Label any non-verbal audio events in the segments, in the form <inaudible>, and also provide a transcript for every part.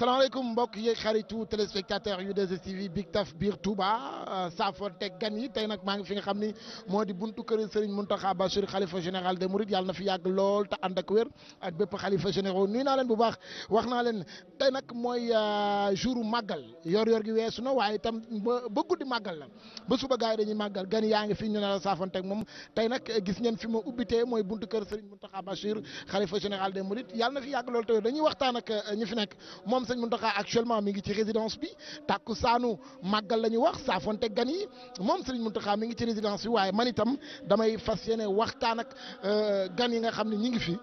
salaamaaleykum mbokk yeeg xaritu téléspectateur yu 2STV Big Taf biir Touba saafonte gan yi tey nag maa ngi fi nga xam ni moo di buntu kër Serigne Mountakha Bassirou xalifa général des Mourides yàlla na fi yàgg lool te ànd ak wér ak bépp xalifa généraux nuyu naa leen bu baax wax naa leen nag mooy euh, jouru màggal yor-yor gi weesu na itam ba guddi màggal la ba suba gars yi dañuy màggal gan yaa ngi fi ñu saafonte ak moom nag gis ngeen fi ma ubbitee mooy buntu kër Serigne Mountakha Bassirou xalifa général des Mourides yàlla fi yàgg lool te dañuy waxtaan ak euh, ñi fi nekk moom sëñ Mountakha actuellement mi ngi ci résidence bi takku saanu màggal la ñu wax saafonte gan yi moom sëñ Mountakha mi ngi ci résidence bi waaye man itam damay fas yéene waxtaan ak euh, gan yi nga xam ne ñi ngi fi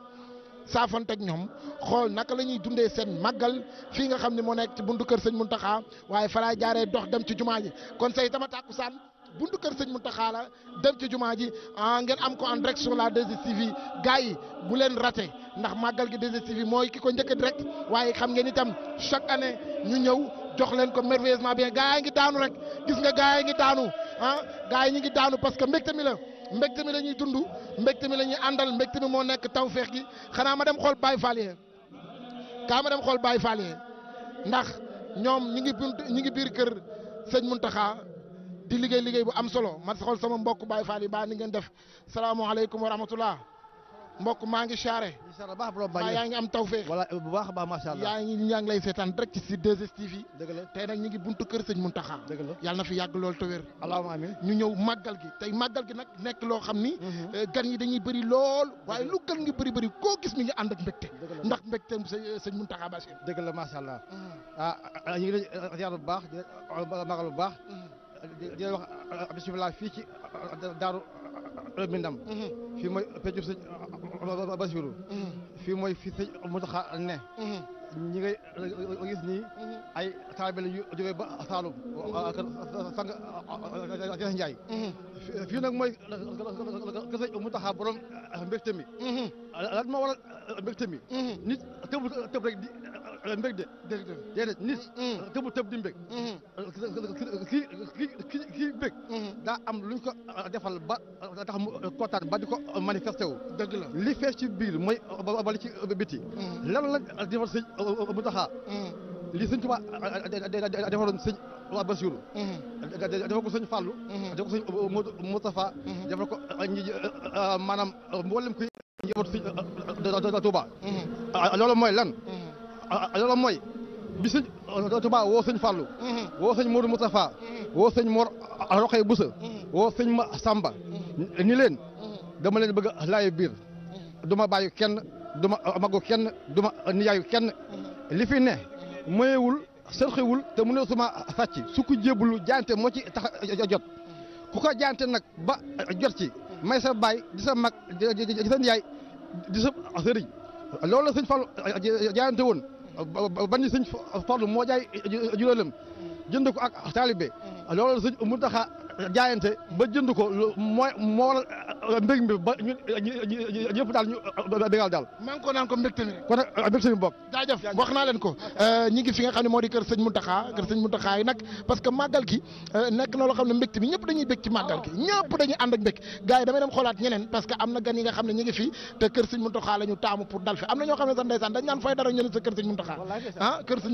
teg ñoom xool naka la ñuy dundee seen màggal fii nga xam ne moo nekk ci buntu kër sëñ Mountakha waaye fa laa jaaree dox dem ci jumaa ji kon say tama takku saan buntu kër sëñ Mountakha la dem ci jumaa ji ah, ngeen am ko en direct sur la 2STV gars yi bu leen raté ndax màggal gi 2STV mooy ki ko njëkk direct waaye xam ngeen itam chaque année ñu ñëw jox leen ko merveilleusement bien gars yi ngi daanu rek gis nga gars yi ngi daanu ah gars ñi ngi daanu parce que mbégte mi la mbégte mi la ñuy dund mbégte mi la ñuy àndal mbégte mi moo nekk feex gi xanaa ma dem xool Baye Fall yee kaa ma dem xool Baye Fall yee ndax ñoom ñi ngi bunt ñi ngi biir kër sëñ Mountakha di liggéey liggéey bu am solo man xool sama mbokk Baye Fall yi baa ni ngeen def salaamaaleykum wa rahmatullah mbokk maa ngi xaare maa yaa ngi am tawfeex wala bu baax a baax macha allah yaa ngi yaa ngi lay seetaan rek ci 2STV yi dëgg tey nag ñu ngi buntu kër sëñ Muntaxa dëgg la yàlla na fi yàgg lool te wér ñu ñëw màggal gi tey màggal gi nag nekk loo xam ni mhm. eh, gan yi dañuy bëri lool waaye lu gan ngi bëri bëri koo gis mi ngi ànd ak mbégte ndax mbégte eh, sëñ Muntaxa Bachir dëgg la macha allah mhm. ah, ah ñu ngi lay eh, ziar bu baax magal bu baax mhm. di leen wax bisimilah fii ci daaru Mbindam. Mhm. fii mooy peccum sëñ Basiru. Mhm. fii mooy fii sëñ Muntaxa ne. Mhm. ñi ngay gis nii. ay taalibe yu jógee ba Saalum. kër sang Cees Njaay. fii nag mooy kër sëñ a borom mbégte mi. lan moo a mbégte mi. nit tëb tëb rek di. mbég de déedéet nit mm. mm. tëbu tëb di mbég mm-hmm. ki ki ki kii mbég mm-hmm. daa am luñ ko ah, defal ba ah, tax mu ah, kontaan ba di ko manifesté wu dëgg la li fees ci biir mooy wala ci biti mm-hmm. lan la defal a Mountakha li sëñ Tuubaa defaloon sëñ a Basiru dafa ko sëñ Fàllu dafa ko sëñ Modou Moustapha dafa ko ñi maanaam mboolem kuy njabootu sëñ a loolu mooy lan a loola moy bi sëñ euh, Tuubaa woo sëñ Fàllu mm-hmm. woo sëñ Modou Moustapha mm-hmm. woo sëñ Mor Roxay Busa mm-hmm. woo sëñ Ma Samba ni leen dama leen bëgg a laay biir du ma kenn du ma euh, magu kenn du euh, niyaayu kenn li fi ne moyewul sërxiwul te mu ne suma sàcc su ko jébbalu jaante moo ci tax jot ku ko jaante nag ba jot ci may sa baay di sa mag di niyaay di sa sëriñ loolu la sëñ Fallou jaante woon ban sëñ Fallou moo jaay juróolam jënd ko ak taalibe mm-hmm. loolu sëñ Muntaxa jaayante ba jënd ko mooy moo waral euh, mbég mi ba daal ñu bégal euh, euh, bokk. wax naa leen ko ñi ngi fi nga xam ne moo di kër sëñ Mountakha kër sëñ Mountakha yi nag parce que màggal gi nekk na loo xam ne mbégte mi ñëpp dañuy bég ci màggal gi ñëpp dañuy ànd ak mbég gars damay dem xoolaat ñeneen parce que am na gan yi nga xam ne ñi ngi fi te kër sëñ Mountakha la ñu taamu pour dal fi am na ñoo xam ne sax ndeysaan dañ naan fay dara ñu ne sa kër sëñ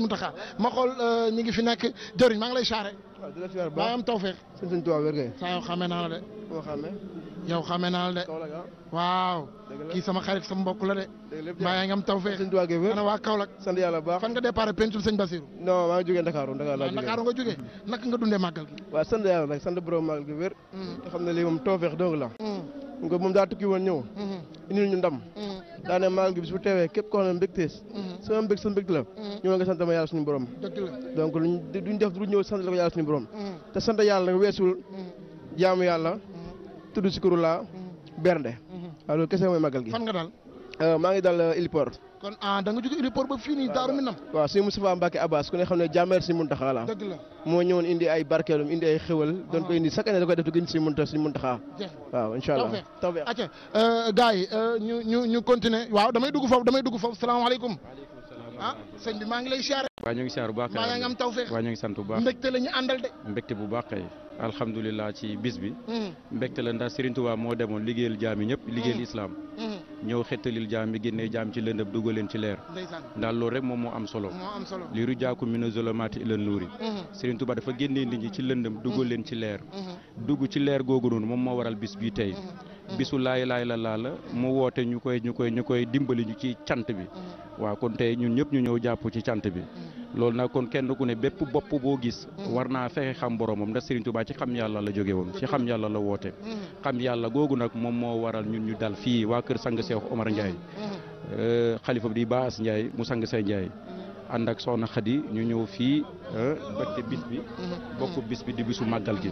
Mountakha ah ma xool ñi ngi waaw di la siyaar baax am tawfeex. sëñ sëñ Tuubaa wér kay. saa yow xamee naa la de. boo xamee. naa la de. waaw. kii sama xarit sama mbok la de. dëgg lépp yaa ngi am tawfeex. sëñ Tuubaa wér ana waa Kaolack. sant yàlla baax fan nga départ pentul sëñ Basirou. non maa ngi jógee Ndakaaru Ndakaar laa jógee Ndakaaru nga jógee. naka nga dundee màggal gi. waaw sant yàlla nag sant borom màggal gi wér. Mm. ne lii moom tawfeex dong la mm. nga moom daa tukki woon ñëw mhm. indil ñu ndam mhm. daa ne magal gi bis bu teewee képp koo xam ne mbégtees mhm. sama mbég sa mbég la ñëwal nga sant ma yàlla suñu borom donc duñ def du ñëw sant la ko yàlla suñu borom te sant yàlla nga weesul jaamu yàlla tudd sikuru la bernde waaw ah, loolu kese mooy magal gi fan nga daal euh, maa ngi daal héliport euh, kon ah da nga jóge aéroport ba fii nii Daaru Minam. waaw sëñ Moustapha Mbacke Abbas ku ne xam ne jàmmeer si Muntaxa la. dëgg la moo ñëwoon indi ay barkeelum indi ay xéwal. doon ko ah. indi chaque année da koy def di gën si Muntaxa si waaw incha allah tawfeex acca euh, yi euh, ñu ñu continuer waaw damay dugg foofu damay dugg foofu salaamaaleykum. ah sëñ bi maa ngi lay siyaare. waaw ñu ngi siyaar bu baax. maa ngi am tawfeex waaw ñu ngi sant bu baax. mbégte la ñu àndal de. ci bis bi. Hmm. mbégte la ndax Serigne Touba moo demoon liggéeyal jaami ñëpp liggéeyal hmm. islam hmm. ñëw xettalil jaam bi génnee jaam ci lëndëm dugal leen ci leer ndax loolu rek moom moo am solo li rujaakum mina zulumaati ila nuuri mhm. Serigne Touba dafa génnee nit ñi ci lëndëm dugal mhm. leen ci leer mhm. dugg ci leer googu noonu moom moo waral bis bii tey bisu laay laay la laa la mu woote ñu koy ñu koy ñu koy dimbali ñu ci cant bi waaw kon tey ñun ñëpp ñu ñëw jàpp ci cant bi loolu nag kon kenn ku ne bépp bopp boo gis war naa fexe xam boromam ndax Serigne Touba ci xam yàlla la jóge woon ci xam yàlla la woote dal fii waa kër sang Cheikh Omar Ndiaye mm-hmm. euh, xalifa bi di Baas Ndiaye mu sang say Ndiaye mm-hmm. ànd ak soxna Xadi ñu ñëw fii euh, ba bis bi mm-hmm. bokk bis bi di bisu màggal gi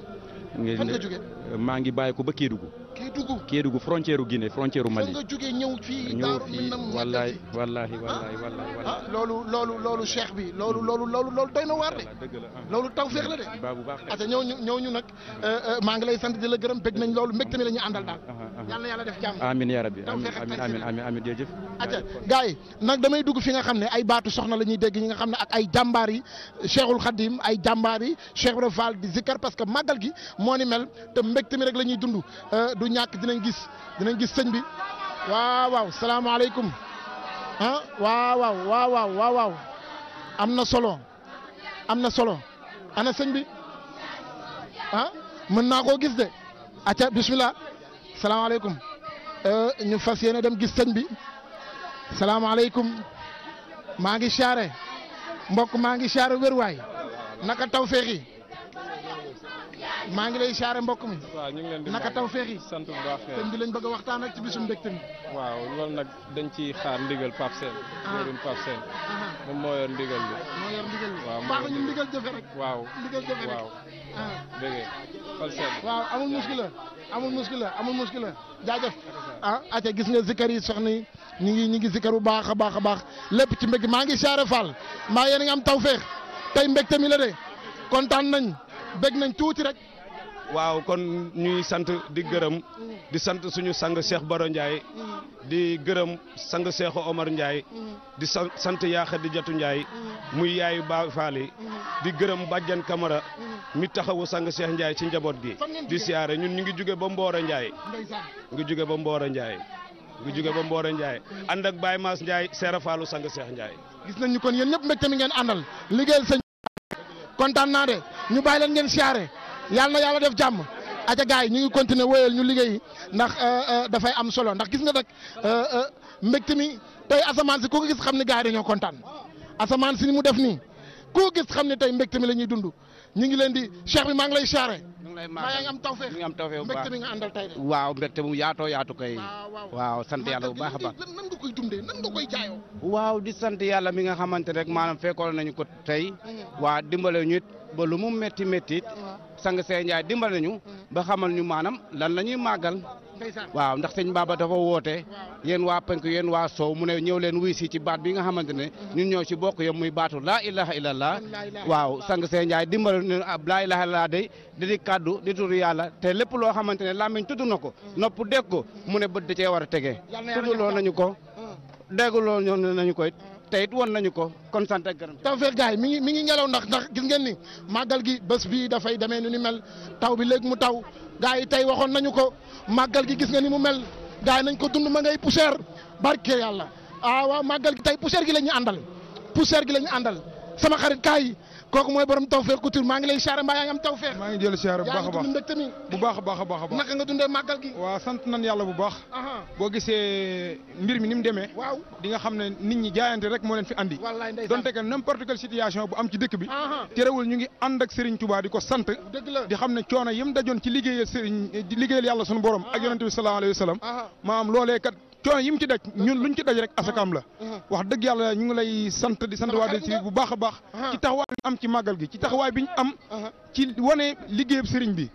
ngir fan nga jógee euh, maa ngi bàyyi ko ba Kédougou. Kédougou Kédougou frontière u Guinée frontière u Mali. fan nga jógee ñëw fii ñëw fii wallaahi wallaahi wallaahi wallaahi. loolu loolu loolu cheikh bi loolu hmm. loolu loolu loolu doy na waar de. Ah. loolu taw feex la de. baax bu baax ata ñooñu ñooñu nag hmm. euh, euh, maa ngi lay sant di la gërëm bég nañ loolu mbégte mi la ñu hmm. àndal daal. Ah, ah, yàlla na yàlla def jàmm. amiin yaa rabbi amiin amiin amiin amiin nag damay dugg fi nga xam ne ay baatu soxna la ñuy dégg ñi nga xam ne ak ay jàmbaar yi Cheikhul Khadim ay jàmbaar yi Cheikh Ibra Fall di zikar parce que màggal gi moo ni mel te mbégte mi rek la ñuy dund euh, du ñàkk dinañ gis dinañ gis sëñ bi waaw waaw salaamaaleykum ah, am na solo am na solo ana sëñ bi ah mën naa koo gis de acca bismillah salaamaaleykum euh, ñu fas yéene dem gis sëñ bi salaamaaleykum maa ngi chare mbokk maa ngi siyaare wér waay naka taw feexi maa ngi lay siyaare mbokk mi. waaw ñu ngi leen di naka taw feex yi sant bu baax thème eh. bi lañ bëgg a waxtaan ak ci bisum mbégte mi. waaw loolu nag dañ ciy xaar ndigal Pape Sène. Ah. mbirum Pape Sène. Ah. moom moo yor ndigal bi. moo yor ndigal bi waaw baax ñu ndigal jëfe rek. waaw ndigal jëfe rek. ah dégg nga waaw amul muskila amul muskila amul muskila jaajëf. ah aca gis nga zikkar yi soxna yi ñu ngi ñu ngi zikkar bu baax a baax a baax lépp ci mbégte maa ngi siyaare Fall maa yéen a ngi am taw feex tey mbégte mi la de kontaan nañ bég nañ tuuti rek waaw kon ñuy sant di gërëm di sant suñu sang Cheikh Baro Ndiaye di gërëm sang Cheikh Omar Ndiaye di sant yaa di Jatu Ndiaye muy yaay Baay Faal yi di gërëm bàjjan Kamara mi taxawu sang Cheikh Ndiaye ci njaboot gi di siyaare ñun ñu ngi jóge ba Mbooro Ndiaye ngi jóge ba Mbooro Ndiaye ngi jóge ba Mbooro Ndiaye ànd ak Baay Maas Ndiaye seera faalu sang Cheikh Ndiaye gis nañu kon yéen ñëpp mbégte mi ngeen àndal liggéeyal sëñ kontaan naa de ñu bàyyi leen ngeen siyaare yàlla na yàlla def jàmm aca gars yi ñu ngi continé wéyal ñu liggéey ndax euh, euh, dafay am solo ndax gis nga nag euh, mbégte mi tey asamaan si ku gis xam ne gars yi dañoo kontaan asamaan si ni mu def nii ku gis xam ne tey mbégte mi la ñuy dund ñu ngi leen di cheikh bi maa ngi lay siyaare maa ngi am tawfeex ngi am tawfeex mbégte mi àndal tey de waaw mu yaatoo yaatu koy waaw sant yàlla bu baax a baax nan nga koy dundee waaw di sant yàlla mi nga xamante rek maanaam fekkoon nañu ko tey mm-hmm. waa dimbale ñu it ba lu mu métti sang see Ndiaye dimbal nañu ba xamal ñu maanaam lan la ñuy màggal waaw ndax sëñ Baba dafa woote yéen waa penk yéen waa soow mu ne ñëw leen wuy si ci baat bi nga xamante ne mm-hmm. ñun ñoo ci bokk yam muy baatu laa ilaha illallah waaw sang see Ndiaye dimbal nañu ab laa ilaha illallah day di di di turu yàlla te lépp loo xamante ne làmmiñ tudd na ko mm-hmm. nopp dégg ko mu ne bët da cee war a tege tudd loo nañu ko mm-hmm. dégg loo nañu ko te it woon nañu ko kon sant ak gërëm. Tawfekh gaay mi ngi mi ngi ngelaw ndax ndax gis ngeen ni màggal gi bës bii dafay demee nu ni mel taw bi léegi mu taw gaay yi tey waxoon nañu ko màggal gi gis nga ni mu mel gaay yi nañ ko dund ma ngay poussière barke yàlla ah waaw màggal gi tey poussière gi la ñu àndal poussière gi la ñu àndal sama xarit kaay kooku mooy borom tawfeex couture maa ngi lay siyaare mbaa yaa ngi am tawfeex maa ngi jël siyaare bu baax a baax mbégte bu baax a baax a baax naka nga dundee màggal gi waaw sant nañ yàlla bu baax boo gisee mbir mi ni mu demee waaw di nga xam ne nit ñi jaayante rek moo leen fi andi donte que n'importe quelle situation bu am ci dëkk bi terewul ñu ngi ànd ak Serigne Touba di ko sant di xam ne coono yim dajoon ci liggéeyal Serigne liggéeyal yàlla sunu borom ak yonente bi sallallahu alayhi wa sallam maam loolee kat coono yi mu ci daj ñun ñu ci daj rek asakaam la wax dëgg yàlla ñu ngi lay sant di sant waa Désiré bu baax a baax ci taxawaay bi am ci màggal gi ci taxawaay bi ñu am ci wane liggéeyub sëriñ bi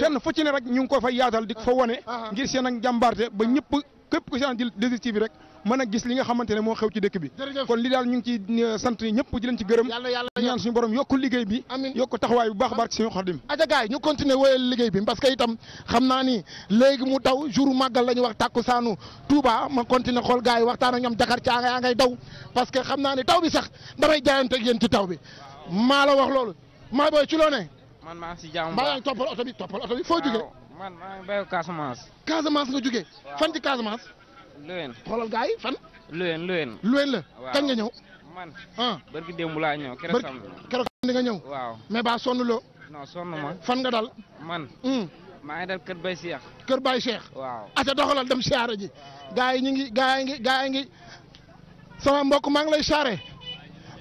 fenn fu ci ne rek ñu ngi ko fay yaatal di fa wane ngir seen ak jàmbaarte ba ñëpp képp ku seen di Désiré bi rek mën a gis li nga xamante ne moo xew ci dëkk bi kon li daal ñu ngi ci euh, sant ñëpp di leen ci gërëm ñaan suñu borom yokku liggéey bi yokku taxawaay bu baax barke suñu xadim aja gaay ñu continuer wooyal liggéey bi parce itam xam naa ni léegi mu daw jour màggal la wax tàkku saanu Touba ma continuer xool gaay yi waxtaan ak ñoom Dakar caa nga yaa ngay daw parce xam naa ni taw bi sax damay jaayante ak yéen ci taw bi maa la wax loolu maa booy ci loo ne man maa si jàmm baa yaa ngi toppal oto bi Louen xoolal gars yi fan. Louen Louen. Louen la kañ nga ñëw. man ah barki démb laa ñëw keroog sam keroog di nga ñëw. waaw mais ba sonn loo. non sonn ma. fan nga dal. man. Hmm. maa ngi dal Kër bay Cheikh. Kër bay Cheikh. waaw ata doxalal dem siyaare ji. gars yi ñu ngi gars ngi gars ngi sama mbokk maa ngi lay siyaare.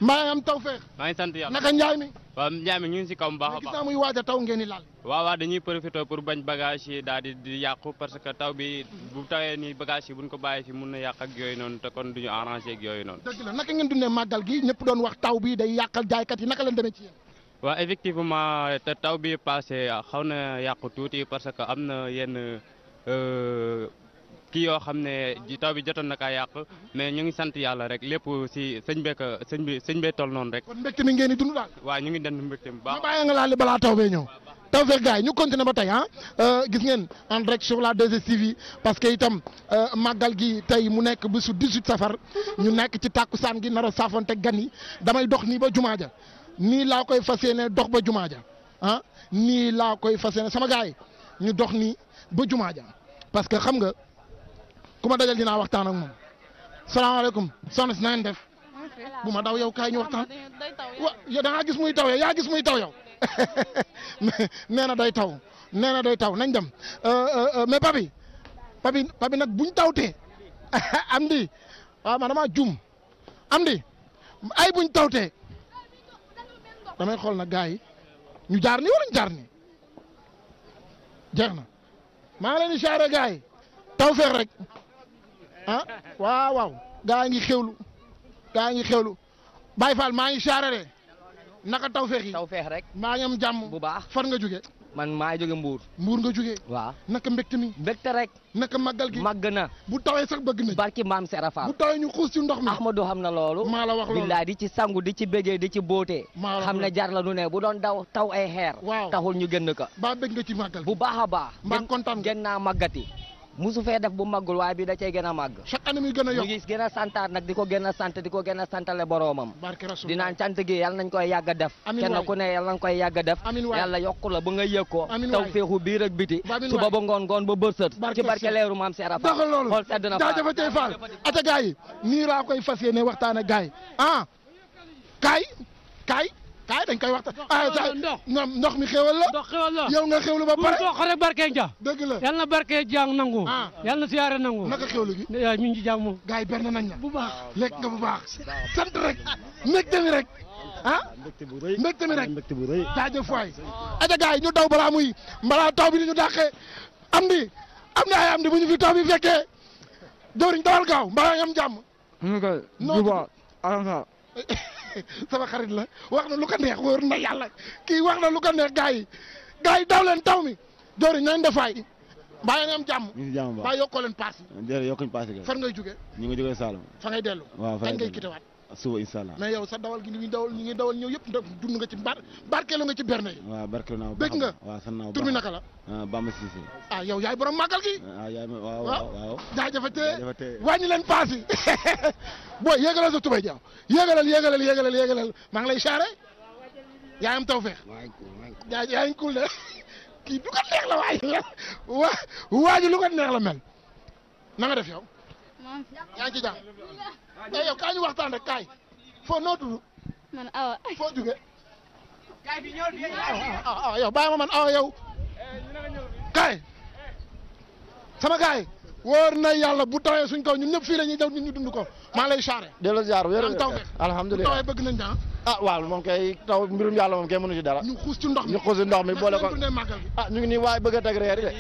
maa nga am tawfeex. maa ngi sant yàlla naka njaay mi. waa Ndiame ñu ngi si kaw mu baax a baax gis a taw ngeen di laal. waaw waaw dañuy profité pour bañ bagage yi daal di yàqu parce que taw bi bu tawee nii bagage yi buñ ko bàyyi si mun na yàq ak yooyu noonu te kon duñu arrangé ak yooyu noonu. dëgg la naka ngeen dundee màggal gi ñëpp doon wax taw bi day yàqal jaaykat yi naka lañ demee ci yéen. waaw effectivement te taw bi passé xaw na yàqu tuuti parce que am na yenn. Euh, kii yoo xam ne taw bi jotoon na kaa yàq mais ñu ngi sant yàlla rek lépp si sëñ bee ko sëñ bi sëñ bee toll noonu rek. kon mi ngeen di dund daal. waaw ñu ngi dund mbégte bu baax. ma bàyyi balaa taw bee ñëw. Tawfekh gars yi ñu ah. euh, euh, gi tey mu nekk bésu 18 safar ñu nekk ci tàkkusaan gi nar a saafoonte gan yi damay dox nii ba jumaa ja nii laa koy fas dox ba jumaa ja ah nii laa koy fas yéene sama gars yi ñu dox nii ba jumaa ja parce que xam nga. ku ma dajal naa waxtaan ak moom salaamaaleykum soxna si na ngeen def bu ma daw yow kaay ñu waxtaan wa da gis muy taw yow yaa gis muy taw yow <laughs> nee na day taw nee na day taw nañ dem euh, euh, euh, mais papi papi nag buñ tawte <laughs> am di waaw man damaa juum am ay buñ tawte damay xool na gars yi ñu jaar ni waruñ jaar ni jeex na maa ngi leen di siyaare taw feex rek ah waaw waaw gaa ngi xewlu gaa ngi xewlu Baye Fall maa ngi saarare naka taw feex yi taw feex rek maa ngi jàmm bu baax far nga jóge man maa jóge Mbour Mbour nga jóge waaw naka mbégte mi mbégte rek naka màggal gi màgg na bu tawee sax bëgg nañ barki maam Serapha bu tawee ñu xuus ci ndox mi Ahmadou xam na loolu maa la wax loolu billaay di ci sangu di ci bégee di ci bóotee xam na jar la nu ne bu doon daw taw ay xeer waaw taxul ñu génn ko baa bég nga ci màggal bu baax a baax mbaa kontaan gën naa màggati musu fee def bu màggul waaye bi da cay gën a màgg. chaque année a yokk mu gis gën a santaat nag di ko gën a sant di ko gën a santale boroomam. barke rasul dinaan cant gi yal nañ koy yàgg a def. amiin waay ku ne yal nañ koy yàgg a def. yàlla yokku la ba nga yëg ko. amiin waay biir ak biti. suba ba ngoon ngoon ba bërsët. ci barke leeru maam Seera Faal. doxal xool sedd na Faal jaajëf tey yi nii laa koy fas yéene waxtaan ak gaay ah kaay kaay kaay dañ koy waxtaan. ndox ah, ndox mi xéwal la. ndox xéwal la yow nga xéwlu ba pare. bu soxla rek barke Ndiak. dëgg la yal na barke jàng nangu. Ah. yal na siyaare nangu. naka xéwlu gi. yaa ñu ngi ci jàmm. gars yi berne nañ la. bu baax lekk nga bu baax. sant rek mbégte mi rek. ah mbégte mi rek. mbégte bu rëy jaajëf waay. aja gars yi ñu daw balaa muy balaa taw bi ni ñu dàqee am di am na ay am di bu ñu fi taw bi fekkee dawal gaaw mbaa nga am jàmm. ñu ngi <laughs> <laughs> sama xarit la wax na lu ko neex wóor na yàlla kii wax na lu ko neex gars yi gars yi daw leen taw mi Dóor yi nañ defaay mbaa yéen am jàmm. ñu ngi jàmm mbaa yokkoo ngay jógee. ñu ngi jógee Saalum. fa ngay dellu. waaw fa ngay dellu kañ ngay kitewaat. suba incha allah mais yow sa dawal gi ñu ngi dawal ñu ngi dawal ñëw yëpp ndax dund nga ci bar barkeelu nga ci berne yi waaw barkeelu naa bëgg nga waaw sant naa tur bi naka la ah, Bamba Cissé ah yow yaay borom màggal gi ah, ah yaay waaw waaw jaajëfatee wàññi leen paas yi <laughs> booy yéegalal sa tubay jaaw yéegalal yéegalal yéegalal yéegalal maa ngi lay xaare yaa am tawfeex yaa yaa ngi cool de <laughs> kii du ko neex la waaye <laughs> wa waa ji lu ko neex la mel na nga def yow yaa ngi ci jàmm mais eh, yow kaay ñu waxtaan rek kaay foo nootu tudd. man awa. foo ah, ah, ah, man awa yow. kaay. sama kaay. wóor na yàlla bu tawee suñ kaw ñun ñëpp fii la ñuy daw ñu dund ko maa lay charré. delloo ziar wér am taw bi alhamdulilah tawee bëgg nañ ah. ah waaw moom kay taw mbirum yàlla moom kay mënu ci dara. ñu xuus ci ndox mi ñu ndox mi boole ko ah ñu ngi nii waaye bëgg a teg reer yi de.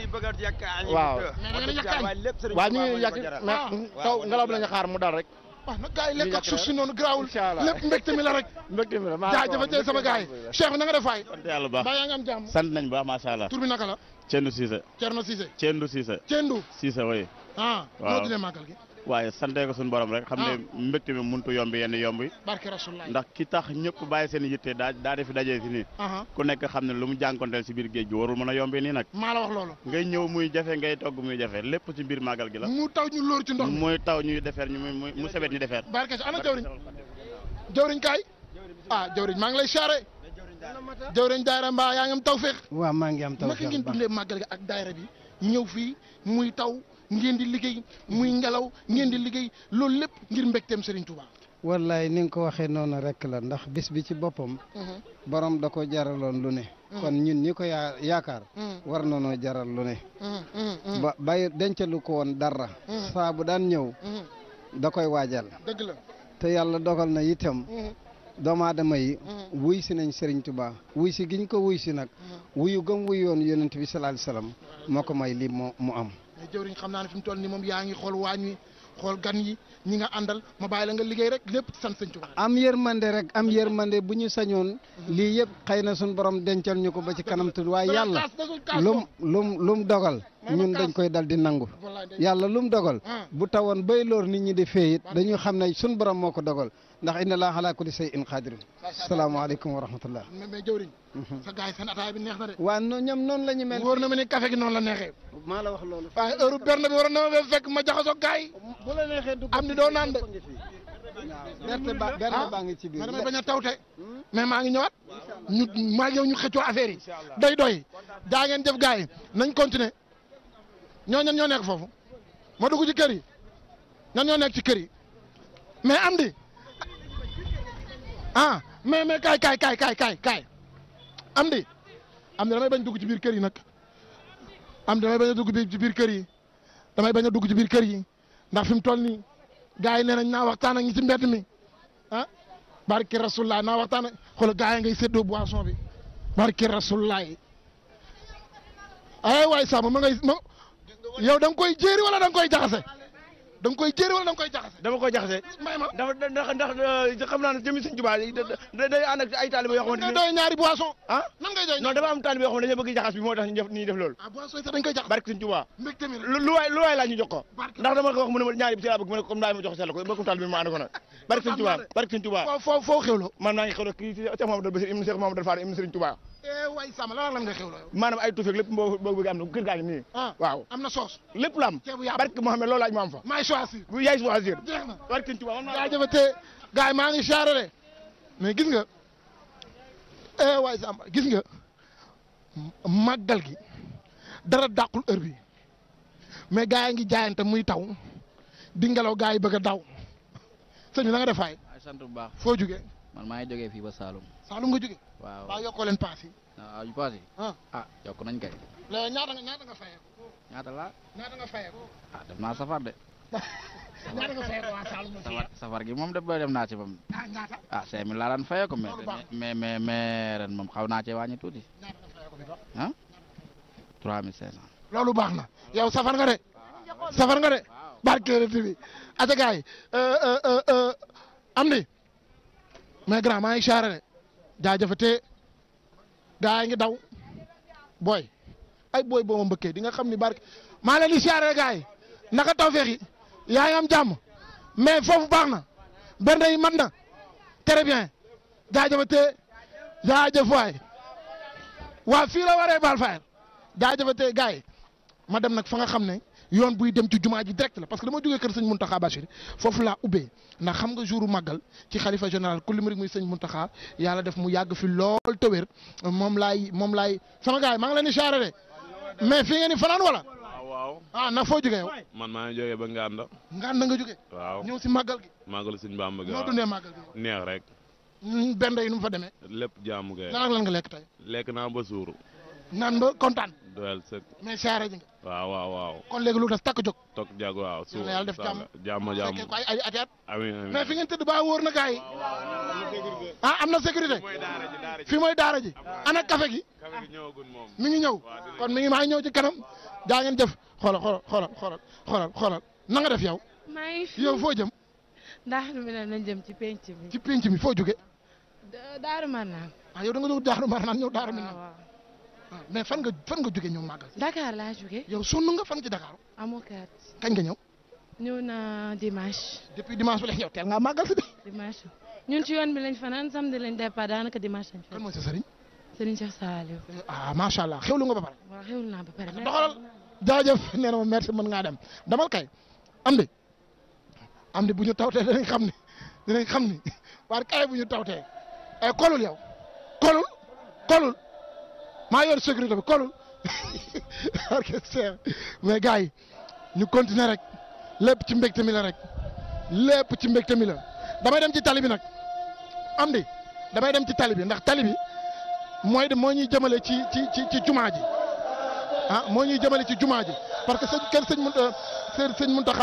waaw waaw ñu ngi yàq mais taw ngelaw bi la ñu xaar mu dal rek. waaw ah, nag gars yi lekk ak suuf si rek mbégte mi la <laughs> jaajëfal tey sama gars yi Cheikh na nga def waay sant yàlla baax baa yaa ngi am sant nañ baax macha allah tur bi naka la Cendou Cissé Cerno Cissé Cendou Cissé Cendou Cissé way ah gi waaye santee ko suñu borom rek xam ne ah. mbégte mi muntu yomb yenn yomb yi barke rasulullah ndax ki tax ñëpp bàyyi seen yitte daa daa defi dajee si nii ku nekk xam ne lu mu jànkonteel si biir géej gi warul mën a yombi nii nag maa la wax loolu ngay ñëw muy jafe ngay togg muy jafe lépp ci biir màggal gi la mu taw ñu lóor ci ndox mi muy taw ñuy defeer ñu muy mu sebet ñu defeer barke ana jawriñ jawriñ kaay ah jawriñ maa ngi lay siyaare jawriñ daayira mbaa yaa ngi am tawfeex waaw maa ngi am tawfeex naka ngeen dundee màggal gi ak daayira bi ñëw fii muy taw ngeen di liggéey muy ngelaw ngeen di liggéey loolu lépp ngir mbégteem Serigne Touba. wallaay ni nga ko waxee noonu rek la ndax bis bi ci boppam. Mhm. boroom da ko jaraloon lu ne. Mhm. kon ñun ñi ko yaa yaakaar. Mhm. war na noo jaral lu ne. ba dencalu ko woon dara. saa bu daan ñëw. da koy waajal. te yàlla dogal na itam. doomu aadama yi wuy si nañ Serigne Touba wuy si giñ ko wuy si nag wuyu gëm wuyu yoon yonent bi sallallahu alayhi moo ko may lii moo mu am mais jëwriñ xam naa ne fi mu toll nii moom yaa ngi xool waañ wi xool gan yi ñi nga àndal ma bàyyi nga liggéey rek lépp sant sëñ Tuubaa am yërmande rek am yërmande bu ñu sañoon lii yëpp xëy na suñ borom dencal ñu ko ba ci kanam tudd waaye yàlla lum lum lum dogal ñun dañ koy dal di nangu yàlla lum dogal ah. bu tawoon bay loor nit ñi di féeyit ah. dañu xam ne suñ borom moo ko dogal ndax inna laa ala kulli shay'in qadirun salaamaaleykum wa rahmatullah mais mhm. bi neex na de waaw non la ñu mel na ma ni café gi noonu la neexee la wax loolu waaye heure berne bi war na ma fekk ma jaxasoo gars yi am ni doo naan de berte ba berte baa ngi ci biir damay ah, bañ a tawte hmm? mais maa ngi ñëwaat ñu maa ngi yow ñu xëccoo affaire yi doy doy jaa ngeen jëf gars yi nañ continuer ñoo ñan ñoo nekk foofu ma dugg ci kër yi ñan ñoo nekk ci kër yi mais am di ah mais mais kaay kaay kaay kaay am di am di damay bañ dugg ci biir kër yi nag am da damay bañ a dugg ci biir kër yi damay bañ a dugg ci biir kër yi ndax fi mu toll nii gars yi nee nañ naa waxtaan ak ñi ci mbedd mi ah barki rasulullah naa waxtaan ak xool gars yi ngay séddoo boisson bi barki rasulullah ay waay sàmm ma ngay ma yow da nga koy jéeri wala da koy jaxase da nga koy jëri wala da nga koy jaxase dama koy jaxase may ma ndax ndax xam naa ne jëmi sëñ Tuubaa day ànd ak ay taalibe yoo xamante ne doy ñaari boisson ah nan ngay doy non dama am taalibe yoo xam ne dañoo bëgg jaxas bi moo tax ñu def nii def loolu ah boisson yi sax dañ koy jaxas barke sëñ Tuubaa lu waay lu waay laa ñu jox ko ndax dama ko wax mu ne ma ñaari bi si laa bëgg mu ne comme daay ma jox sell ko mbokkum taalibe bi ma ànd ko nag barke sëñ Tuubaa barke sëñ Tuubaa foo foo xewloo man maa ngi xewloo kii Cheikh Mamadou Bassir ibn Cheikh Mamadou Fall ibn Sëriñ Tuubaa Eh, waay sama lan lan nga xew maanaam ay tufeeg lépp mboo boo bëgg am na kër gaa ngi nii ah, waaw am na soos lépp la am barke Mohamed loolu laaj ma am fa maay choisir bu yaay choisir jeex na barke ci ba gaa jëfate gaa yi maa ngi charré mais gis nga eh gis nga màggal gi dara dàqul heure bi mais gaa yi ngi jaayante muy taw di ngelaw gaa yi bëgg a daw sëñ bi na nga def sant bu baax foo jugee man maa ngi jógee fii ba Saalum. Saalum nga jógee. waaw waaw yokkoo leen paas yi. waaw ah, ah, yu ah. kay. léegi ñaata ko. ñaata laa. ñaata nga ko. naa safar de. <laughs> ñaata nga fayee ko safar gi moom de ba dem naa ci moom. ah ñaata. ah cinq mille laa mais mais mais ren moom xaw naa cee wàññi tuuti. ñaata trois mille cinq loolu baax na yow safar nga de. safar nga de. barkeel bi. ati gars yi euh, euh, euh, am mais grand maa ngi charré ne jaajëfate gaa yi ngi daw booy ay booy boo ma mbëkkee di nga xam ni barke maa leen di charré gaa yi naka tawféex yaay am jàmm mais foofu baax na bernde yi mat na très bien jaaja jaajëf waay waa fii la waree baal faayal jaajëfate gaa yi ma dem nag fa nga xam ne. yoon buy dem ci jumaa ji direct la parce que dama jógee kër sëñ Mountakha Bachir foofu laa ubbee ndax xam nga jouru màggal ci xalifa général ku lim rek muy sëñ Mountakha yàlla def mu yàgg fi lool te moom laay moom laay sama gars yi maa ngi leen di charré mais fii ngeen ni fanaan ah, waaw ah na foo jógee yow. man maa ngi ba Nganda. Nganda nga jógee. waaw ñëw si màggal gi. màggal sëñ Bamba gi waaw noo dundee màggal rek. benn yi nu mu fa demee. lépp jaamu kay. lan lan nga lekk tey. lekk naa ba suuru. naan ba kontaan. doyal sëkk mais ji waaw waaw waaw. kon léegi lu des takk jóg. toog jag waaw suuf yàlla def jàmm jàmm jàmm fekkee ko ay ay at. amiin fi ngeen tëdd ba woor na gars yi. ah am na sécurité. fi mooy daara ji ana kafe gi. mi ngi ñëw kon mi ngi maa ñëw ci kanam jaa ngeen jëf xoolal xoolal xoolal xoolal xoolal na def yow. maa ngi yow foo jëm. ndax mi na jëm ci penc mi. ci penc mi foo jóge. daaru marnaan. ah yow da nga jóg daaru marnaan ñëw daaru mais fan nga fan nga jóge ñëw màggal. Dakar laa jóge. yow sonn nga fan ci Dakar. amoo carte. kañ nga ñëw. ñëw na dimanche. depuis dimanche bi teel ngaa màggal si de. ñun ci yoon bi lañ fanaan samedi lañ départ daanaka dimanche lañ fan. kan sa sëriñ. sëriñ Cheikh Saliou. ah macha allah xewlu nga ba pare. waaw xewlu naa ma merci mën ngaa dem damal kay am di am di bu ñu tawtee dinañ xam ni dinañ xam ni waaye kay bu tawtee ay eh, kolul yow kolul maa yor sécurité bi kolul <laughs> mais gars yi ñu continuer rek lépp ci mbégte mi la rek lépp ci mbégte mi la damay dem ci tali bi nag am di damay dem ci tali bi ndax talibi mooy de moo ñuy jëmale ci ci ci ci jumaa ji ah moo ñuy jëmale ci jumaa ji parce que sëñ kenn sëñ Muntaxa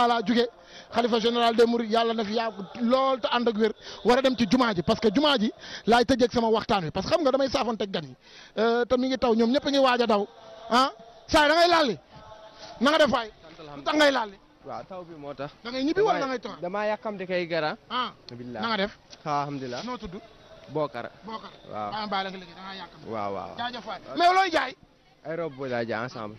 sëñ laa jugee xalifa général des Mourides yàlla na fi lool te ànd ak wér war dem ci jumaa ji parce que jumaa ji laay tëjeeg sama waxtaan wi parce que xam nga damay saafanteeg gan yi euh, te mi ngi taw ñoom ñëpp a ngi waaj a daw ah saa da ngay laalli na nga def waay lu tax ngay laalli waaw taw moo tax. da damaa yàkkamti kay gara. ah na nga def. Ah, noo tudd. Bookar. Bookar waaw waaw waaw looy jaay. ay robe laa jaay ensemble.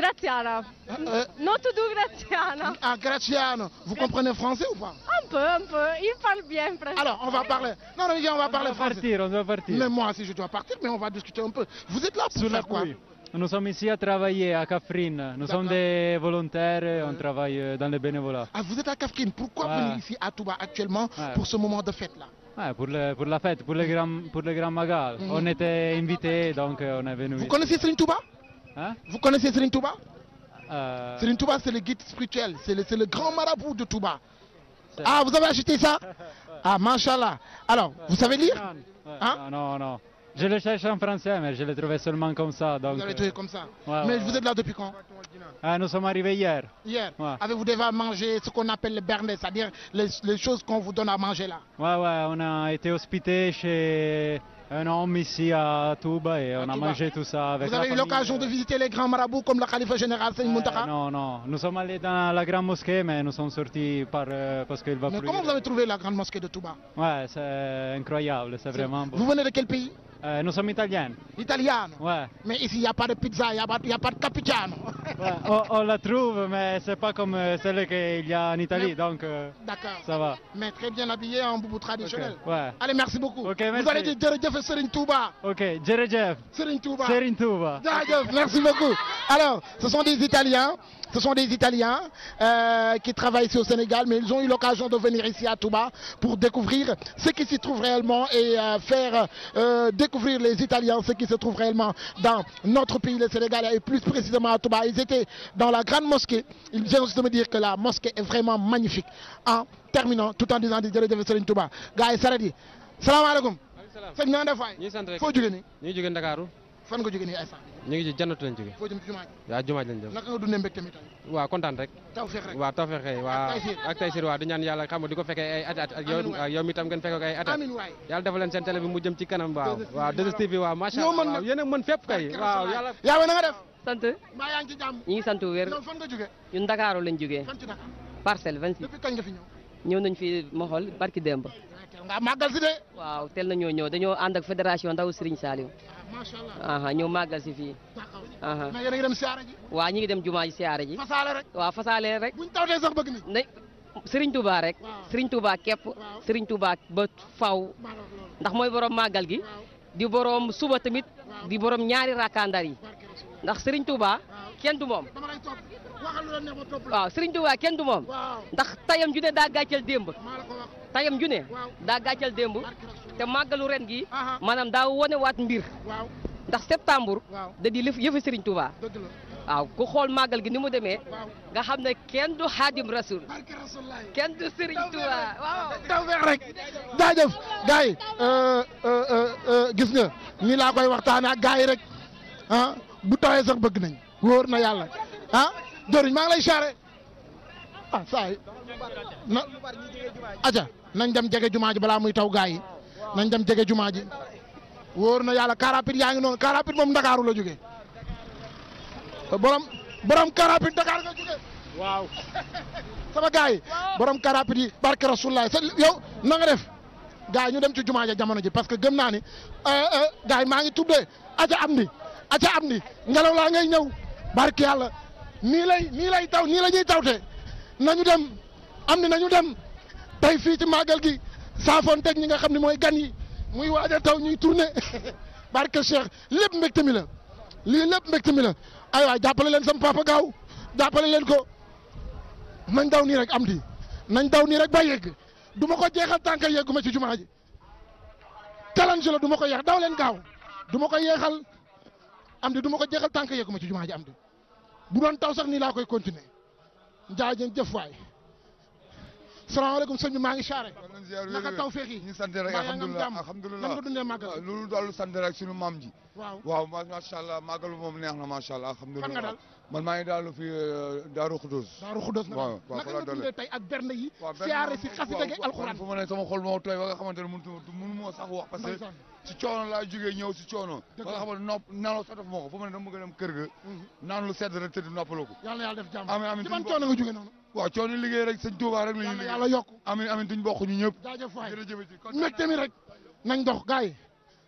Graziana. Euh, non, tout doux Graziana. Ah, Vous comprenez français ou pas Un peu, un peu. Il parle bien français. on va parler. on va parler Mais moi je dois partir, mais on va discuter un peu. Vous êtes là pour la quoi nous sommes ici à travailler à Kafrine. Nous sommes des volontaires, on travaille euh, dans le bénévolat. Ah, vous êtes à Kafrine. Pourquoi venir ici à Touba actuellement pour ce moment de fête-là pour, la fête, pour le Grand, pour mhm. On était invités, donc euh, on Hein? Vous connaissez euh, Serigne Touba c'est le guide spirituel, c'est le, grand marabout de Touba. Ah, vous avez acheté ça <laughs> Ah, machallah. Alors, vous savez lire Je le cherche en français, mais je l'ai euh, trouvé comme ça. Mais vous êtes là depuis quand ah, Nous sommes arrivés hier. Avez-vous déjà mangé ce qu'on appelle le bernet, c'est-à-dire les, choses qu'on vous donne à manger là on a été hospité chez un euh, homme ici à Touba et on à a Touba. mangé tout ça avec Vous avez la eu l'occasion de euh, visiter les grands marabouts comme le khalife général Seigne euh, Mountakha Non, non. Nous sommes allés dans la grande mosquée, mais nous sommes sortis par, euh, parce qu'il va Mais pluire. comment vous avez trouvé la grande mosquée de Touba Ouais, c'est incroyable, c'est vraiment beau. Vous venez de quel pays Eh, Nous sommes italiens. Italiano Mais ici, e il n'y a pas de pizza, il n'y a, a, pas de cappuccino. on, la trouve, mais c'est pas comme eh, celle qu'il y a en Italie, mais, donc euh, Mais très bien habillé en boubou traditionnel. Allez, merci beaucoup. Vous allez dire Djeredjeff et Serine Touba. merci beaucoup. Alors, ce sont des Italiens. Ce sont des Italiens euh, qui travaillent ici au Sénégal, mais ils ont eu l'occasion de venir ici à Touba pour découvrir ce qui s'y trouve réellement et euh, faire euh, découvrir les Italiens ce qui se trouve réellement dans notre pays, le Sénégal, et plus précisément à Touba. Ils étaient dans la grande mosquée. Ils viennent juste de me dire que la mosquée est vraiment magnifique. En terminant, tout en disant de jërëjëf Serigne Touba. gars yi sarati salaamaaleykum. sëñ na nga def waay. foo fan nga jógee nii ay sax ñu ngi ci jannatu lañ jógee. foo jëm jumaa ji. waaw jumaa ji kontaan rek. tawfeex rek waaw tawfeex rek waaw. ak di ñaan yàlla xam di ko fekkee ay at at ak yow ak yow mi tam ngeen fekkee ko ay at at. amiin waay yàlla defal leen seen télé mu jëm ci kanam. waaw waaw 2STV waaw macha waaw yéen a mën fépp kay. waaw yàlla sant. ñu ngi sant wér. ñoom fan nga jógee. parcelle 26. ñëw nañ fi ma xool barki démb. nga màggal si de. waaw teel na ñoo ñëw dañoo ànd ak fédération ndaw Serigne Saliou. Ah, macha allah ñëw màggal fii. waaw ñi ngi dem jumaa ji siyaare ji. fasaale rek waaw fasaale rek. buñ tawtee sax bëgg nañ. Serigne Touba rek. Serigne Touba képp. Serigne Touba ba faw ndax mooy boroom màggal gi. di borom suba tamit. di boroom ñaari rakkandar yi. ndax Serigne Touba kenn du moom. waaw Serigne Touba kenn du moom ndax tayam ju ne daa gàcceel démb tayam ju ne daa gàcceel démb te màggalu ren gi maanaam daa wone waat mbir ndax septembre da di lëf yëfi Serigne Touba waaw ku xool màggal gi ni mu demee nga xam ne kenn du xaadim rasul kenn du Serigne Touba waaw tawfeex rek jaajëf gars yi euh, euh, euh, gis nga nii laa koy waxtaanee ak yi rek ah, bu tawee sax bëgg nañ wóor na yàlla ah jëriñ maa ngi lay siyaare ah saa na aja nañ dem jege jumaa ji balaa muy taw gaa yi nañ dem jege jumaa ji na yàlla car yaa ngi noonu car rapide moom Ndakaaru la jógee borom borom car rapide Dakar nga jógee waaw <laughs> sama gaa yi borom car yi barke Rasulullah yow na nga def gaa ñu dem ci jumaa ja jamono ji parce que gëm naa ni eh, eh, gaa yi maa ngi tuddee aca am am ni ngelaw laa ngay ñëw barke yàlla nii lay nii lay taw nii la ñuy tawte nañu dem am ni nañu dem tey fii ci màggal gi saafoon teg ñi nga xam ne mooy gan yi muy waaj a taw ñuy tourné <laughs> barke Cheikh lépp mbégte mi la lii lépp mbégte mi la ay waay jàppale leen sama papa gaaw jàppale leen ko nañ daw nii rek am di nañ daw nii rek ba yegg du ma ko jeexal tànk yegguma ci jumaa ji challenge la du ma ko yeex daw leen gaaw du ma ko yeexal am di du ma ko jeexal tànk yegguma ci jumaa am di bu doon taw sax nii laa koy continuer jaajëf jëf waay salaamaaleykum sëñ bi maa ngi saare naka taw feex yi ñu sant rek alhamdulilah alhamdulilah nan nga dundee màggal loolu daal sant rek suñu maam ji waaw waaw macha allah màggalu moom neex na macha allah alhamdulilah fan nga dal man maa ngi daal fi euh, Daaru Xudus. nag ak bernde yi. waaw si xasida gi alxuraan fu ma ne sama xol moo tooy ba nga xamante ne mënu moo sax wax. parce si coono laa jógee ñëw si coono. dëgg a mhm. coono liggéey rek sëñ Tuubaa rek la ñuy liggéey yàlla yokk amiin amiin duñ bokk ñëpp. jaajëf mi rek nañ dox gaay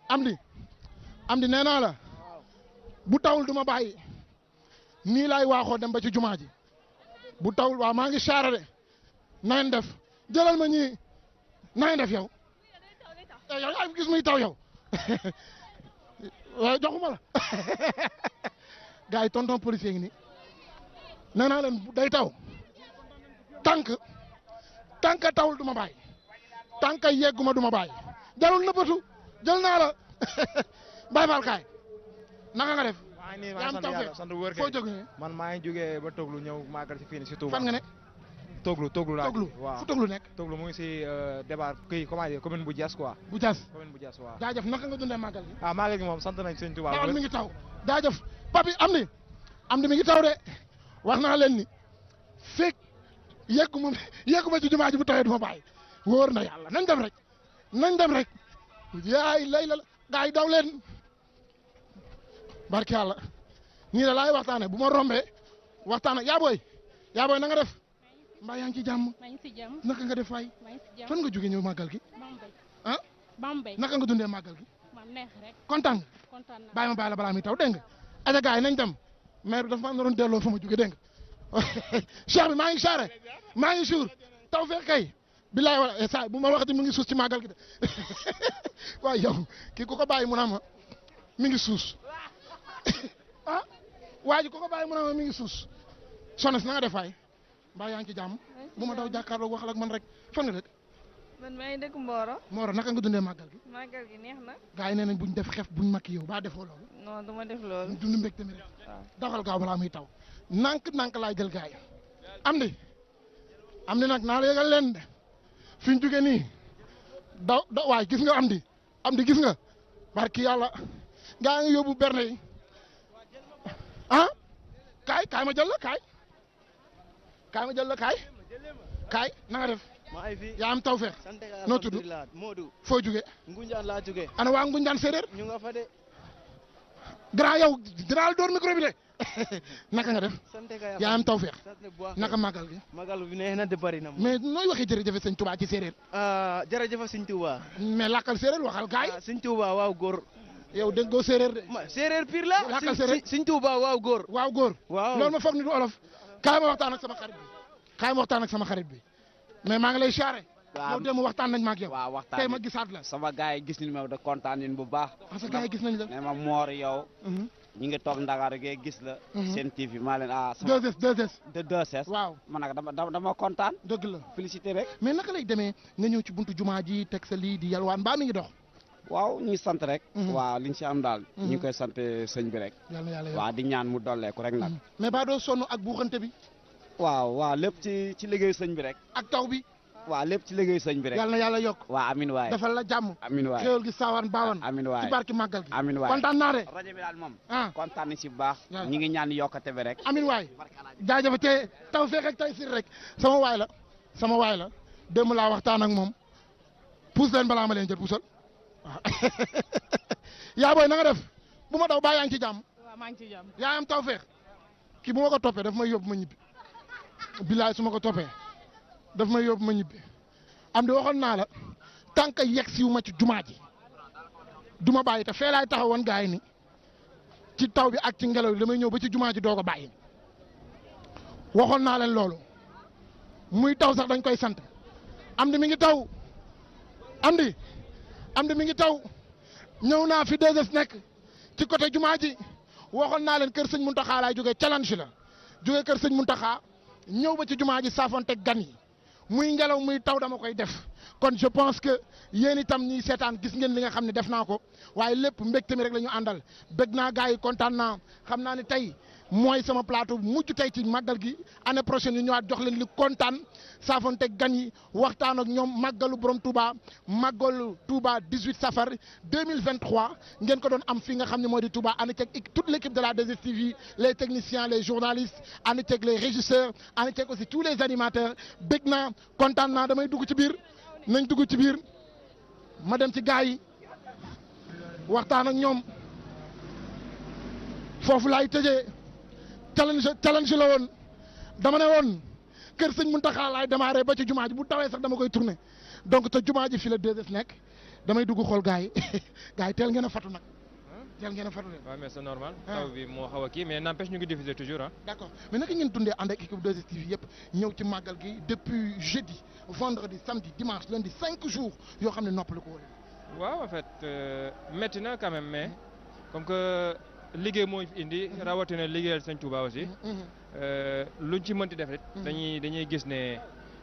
am di am di nee la bu tawul duma bàyyi nii laay waaxoo dem ba ci jumaa ji bu tawul waaw maa ngi saara de na def jëlal ma ñii na def yow eh, yow yaa gis muy taw yow <laughs> waaye joxuma la <laughs> gars yi tonton policier ngi ni nee naa leen day taw tànk tànk tawul du ma bàyyi tànk yegguma du ma bàyyi jarul nëbbatu jël naa la <laughs> bàyyi faal kaay naka nga def maa ngi nii maa ngi sant yàlla sant bu wér foo jógee man maa ngi ba Toglu ñëw màggal si fii nii si Touba. fan nga ne Toglu Toglu laa Toglu waaw fu Toglu nekk Toglu mu ngi si euh, débar kii comment dire commune bu Diass quoi bu Diass commune bu Diass waaw jaajëf naka nga dundee màggal gi ah màggal gi moom sant nañ sëñ Touba mi ngi taw jaajëf papi am ni am ni mi ngi taw de wax naa leen ni fekk yegguma yegguma ci jumaa ji bu tawee du ma bàyyi wóor na yàlla nañ dem rek nañ dem rek yaay lay la gaay daw barke yàlla nii la laay waxtaanee bu ma rombee waxtaan ak yaa booy na nga def mbaa yaa ngi ci jàmm naka nga def fay fan nga jóge ñëw màggal gi ah naka nga dundee màggal gi kontaan nga bàyyi ma bàyyi la balaa mi taw dégg nga aja gaay nañ dem maire bi dafa maa naroon delloo fa ma jóge dégg nga <laughs> bi maa ngi saare maa ngi suur taw fee kay bilaay wala eh, saa bu ma waxati mi ngi suus ci màggal gi de <laughs> waaye yow kii ku ko bàyyi mu ma mi ngi suus <coughs> Ah, waa ji ko ko bàyyi mu ne ma mi ngi suus sones na nga def waay mbaa yaa ngi ci jàmm. bu ma daw jàkkaarloo waxal ak man rek fan nga dëkk. man maa ngi naka nga dundee màggal gi. màggal yi nee nañ buñ def xef buñ makki yow baa defoo loolu. non du ma def mi rek. dawal gaaw balaa muy taw. nànk nànk laay jël gars yi. am di am di nag naa la yëgal leen de fi ñu nii daw daw gis nga am di am di gis nga barki yàlla gaa ngi yóbbu berne yi. ah kaay kaay ma jël kaay kaay ma na nga def. maa ngi fi yaa tudd Modou. foo jugee. Ngunjaan laa jugee. ana waa Ngunjaan séeréer. ñu nga grand yow dinaa door micro bi de <laughs> naka nga def. sant yàlla yaa naka màggal gi. màggal bi neex na de bari na moom. mais nooy waxee jërëjëf sëñ Touba ci séeréer. Ah, mais lakkal séeréer waxal gaay. Ah, sëñ Touba waaw góor. yow déggoo séeréer de. ma séeréer pire la. Sëñ Tuuba waaw góor. waaw góor waaw loolu ma foog ni du olof. kaay ma waxtaan ak sama xarit bi kaay ma sama xarit bi mais maa ngi lay charré. waaw yow dem waxtaan nañ ma ak yow. waaw waxtaan tey ma gisaat la. sama gars yi gis nañ ma da kontaan nañ bu baax. parce ah, que gars nañ la. nee ma moor mhm. ngi toog Ndakaaru gee gis la. Mhm. seen TV maa leen ah. sama 2S 2S. kontaan. dëgg la félicité rek. mais naka lay demee nga ñëw ci buntu jumaa ji teg sa lii di yalwaan baa mi ngi dox. waaw ñuy sant rek. Mhm. waaw liñ ci am daal. Mhm. ñu koy sant sëñ bi rek. waaw di ñaan mu dolleeku rek nag. Mhm. mais ba doo sonn ak buuxante bi. waaw waaw lépp ci ci liggéey sëñ bi rek. ak taw bi. waaw lépp ci liggéey sëñ bi rek. yàlla na yàlla yokk. waaw amin waay defal la jàmm. amin waay xéwal gi saawaan baawaan. amin waay ci barki màggal gi. amin waay kontaan naa de. rajo moom. ah kontaan na ci bu baax. ñi ngi ñaan yokkate bi rek. amin waay jaajëf te taw feex ak tay sir rek sama waay la sama waay la démb laa waxtaan ak moom puus leen balaa ma leen jot puusal waaw <laughs> yaa booy na nga def bu ma daw baa yaa ngi ci jàmm. waaw maa ngi ci jàmm. yaa am kii bu ma ko toppee daf may yóbbu ma ñibbi bilaay su ma ko toppee daf may yóbbu ma am di waxoon naa la tant que yegg ma ci jumaa ji du ma bàyyi te fee laay taxawoon gars yi ni ci taw bi ak ci ngelaw li damay ñëw ba ci jumaa ji doo ko bàyyi waxoon naa leen loolu muy taw sax dañ koy sant am di mi ngi taw am di am na mi ngi taw ñëw naa fi 2 nekk ci côté jumaa ji waxoon naa leen kër sëñ Muntaxa laay jógee challenge la jógee kër sëñ Muntaxa ñëw ba ci jumaa ji saafonte gan yi muy ngelaw muy taw dama koy def kon je pense que yéen itam ni seetaan gis ngeen li nga xam ne def naa ko waaye lépp mbégte mi rek lañu ñu àndal bég naa gars yi kontaan naa xam naa ne tey mooy sama plateau mujj tey ci màggal gi année prochaine ñu ñëwaat jox leen li kontaan saafante gan yi waxtaan ak ñoom màggalu borom Touba màggalu Touba 18 safar 2023 ngeen ko doon am fi nga xam ne mooy di Touba ànd ceeg toute l' équipe de la 2STV les techniciens les journalistes ànd ceeg les régisseurs ànd ceeg aussi tous les animateurs bég na kontaan naa damay dugg ci biir nañ dugg ci biir ma dem ci gars yi waxtaan ak ñoom foofu laay tëjee. challenge challenge la woon dama ne woon kër sëñ Muntaxa laay démarré ba ci jumaa ji bu tawee sax dama koy tourné donc te jumaa ji fi la 2S nekk damay dugg xool gars yi <laughs> gars yi teel ngeen a fatu nag. teel ngeen a fatu de. waaw mais c'est normal. Ah. taw bi moo xaw a kii mais n'empêche ñu ngi diffuser toujours ah. d'accord mais ngeen dundee ànd ak équipe 2S TV yëpp ñëw ci màggal gi depuis jeudi vendredi samedi dimanche lundi cinq jours yoo xam ne noppalu ko woon. waaw en fait euh, métti na quand mais hmm. liggéey moo fi indi rawatina liggéeyal sëñ Touba aussi mm-hmm, mm-hmm. Euh, luñ ci mënti def rek mm-hmm. dañuy dañuy gis ne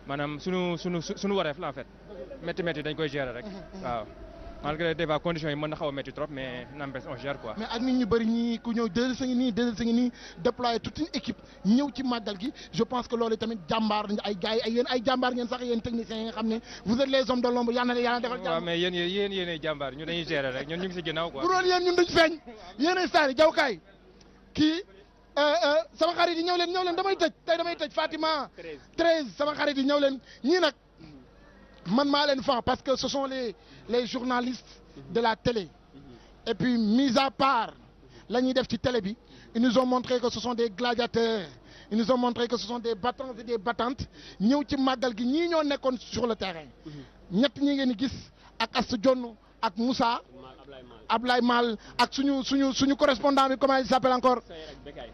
maanaam sunu sunu sunu wareef la en fait métti métti dañ koy gérer rek waaw malgré des fois conditions yi mën xaw a métti trop mais ak nit ñu bëri ñii ku ñëw deux sa ngi nii deux sa une équipe ñëw ci màggal gi je pense que lool tamit jàmbaar ay gars yi ay yéen ay jàmbaar ngeen sax yéen techniciens yi xam ne vous êtes les hommes de l'ombre yàlla na yàlla defal. waaw mais yéen yéen yéen ay ñu dañuy ñu ngi si ginnaaw quoi. bu doon yéen ñun feeñ yéenay saari jawkaay kii euh, euh, sama yi ñëw leen ñëw leen damay tëj tey damay tëj Fatima 13 sama xarit leen ñii nag man maaleen leen fan parce que ce sont les les journalistes de la télé et puis mis à part la ñuy def ci télé bi ils nous ont montré que ce sont des gladiateurs ils nous ont montré que ce sont des battants et des battantes ñëw ci màggal gi ñii ñoo nekkoon sur le terrain ñett ñi ngeen gis ak Astou Dione ak Moussa Ablaye Mal ak suñu suñu suñu correspondant bi comment il s'appelle encore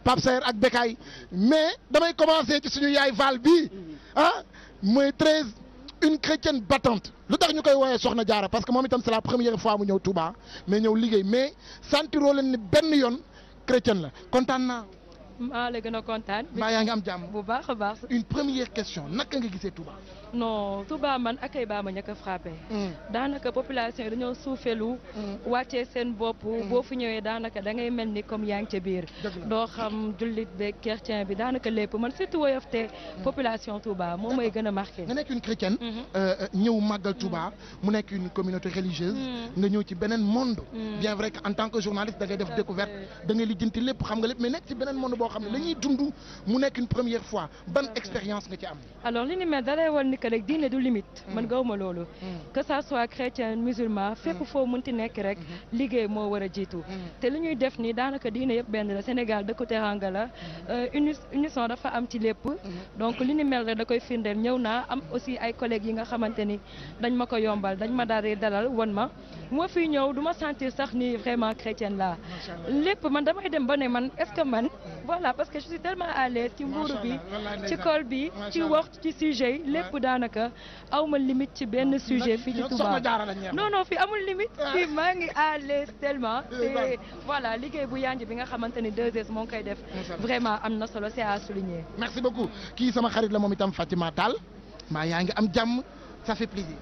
Pape Sayer ak Bekay mais damay commencer ci suñu yaay Val bi ah mooy treize une chrétienne battante lu tax ñu koy woowee Soxna Jaara parce que moom itam c'est la première fois mu ñëw Touba mais ñëw liggéey mais sentiroo leen ni benn yoon chrétienne la kontaan naa. maa la gën a kontaan. mbaa yaa ngi am jàmm bu baax a baax. une première question a nga gisee Touba. non Touba man akay baa ma ñàkk a frappé. Mm. daanaka population yi dañoo suufeelu. Mm. wàccee seen bopp. Mm. boo fu ñëwee daanaka da ngay mel ni comme yaa ngi ca biir. doo xam jullit beeg chrétien bi daanaka lépp man surtout woyoftee population Touba moom may gën a marqué. nga nekk une chrétienne. Mm-hmm. Euh, ñëw màggal Touba mu nekk une communauté religieuse. nga ñëw ci beneen monde. bien vrai que en tant que journaliste da ngay def découverte da ngay lijjanti lépp xam nga lépp mais nekk ci beneen monde boo xam ne la ñuy dund mu nekk une fois ban expérience nga ci am. que rek diine du limite mm. man gawma loolu mm. que ça soit chrétien musulman fépp mm. foo mënti nekk rek mm-hmm. liggéey moo war a jiitu te li ñuy def nii daanaka diine yëpp benn la Sénégal dëkku teranga la mm-hmm. euh, unisson dafa am ci lépp mm-hmm. donc li ni mel rek da koy firndeel ñëw naa am aussi ay collègues yi nga xamante ni dañ ma ko yombal dañ ma daal dalal won ma moo fi ñëw du ma sentir sax ni vraiment chrétienne laa lépp man damay dem ba ne man est man voilà parce que je suis tellement daanaka aw ma limite ci benn sujet fii ci Touba non non fii amul limite ah. fii maa ngi à l'aise tellement te voilà liggéey bu yanj bi nga xamante ni 2 moo ngi koy def vraiment am na solo c'est à souligner merci beaucoup kii sama xarit la moom itam Fatima Tall maa yaa ngi am jàmm ça fait plaisir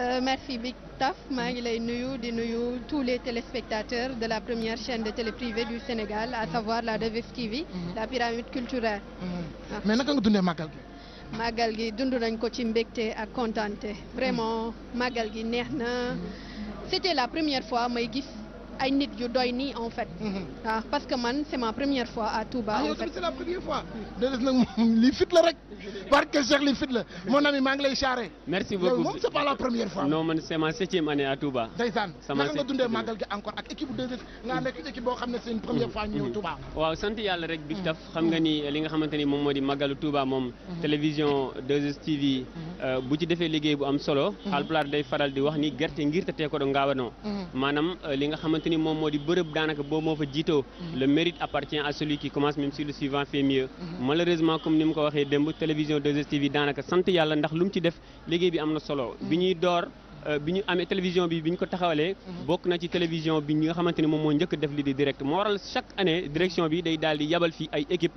Euh, merci Big Taf maa ngi lay nuyu di nuyu tous les téléspectateurs de la première chaîne de télé privée du Sénégal à savoir la 2STV. Mhm. la pyramide culturelle. Mm -hmm. ah. mais naka nga dundee màggal gi. màggal gi dund nañ ko ci mbégte ak kontaante vraiment màggal gi neex na mm-hmm. c'était la première fois may gis ay nit yu doy nii en fait. Mhm. ah parce que man c'est ma première fois à Touba. Ah, la première fois. déedéet nag moom lii fit la rek. parce que la mon ami maa ngi lay charré. merci beaucoup yow man c'est ma septième année à Touba. ndeysaan naka nga dundee màggal gi encore ak équipe bu s nga nekk équipe boo xam ne c'est une première fois ñëw mhm. Touba. waaw sant yàlla rek bi mhm. taf xam nga ni li nga xamante ni moom moo di màggalu Touba moom. télévision 2STV. Euh, bu ci defee liggéey bu am solo. Haalpulaar day faral di wax ni gerte ngir te tee ko da ngaawano maanaam euh, ni moom moo di bërëb daanaka boobu moo fa jiitoo mm-hmm. le mérite appartient à celui qui commence même si suivant fait mieux mm-hmm. malheureusement comme ni mu ko waxee démb télévision 2STV yi daanaka sant yàlla ndax lu mu ci def liggéey bi am na solo mm-hmm. bi ñuy door euh, bi ñu amee télévision bi bi ñu ko taxawalee bokk na ci télévision bi ñi nga xamante ni moom moo njëkk def li di direct moo waral chaque année direction bi day daal di yabal fii ay équipe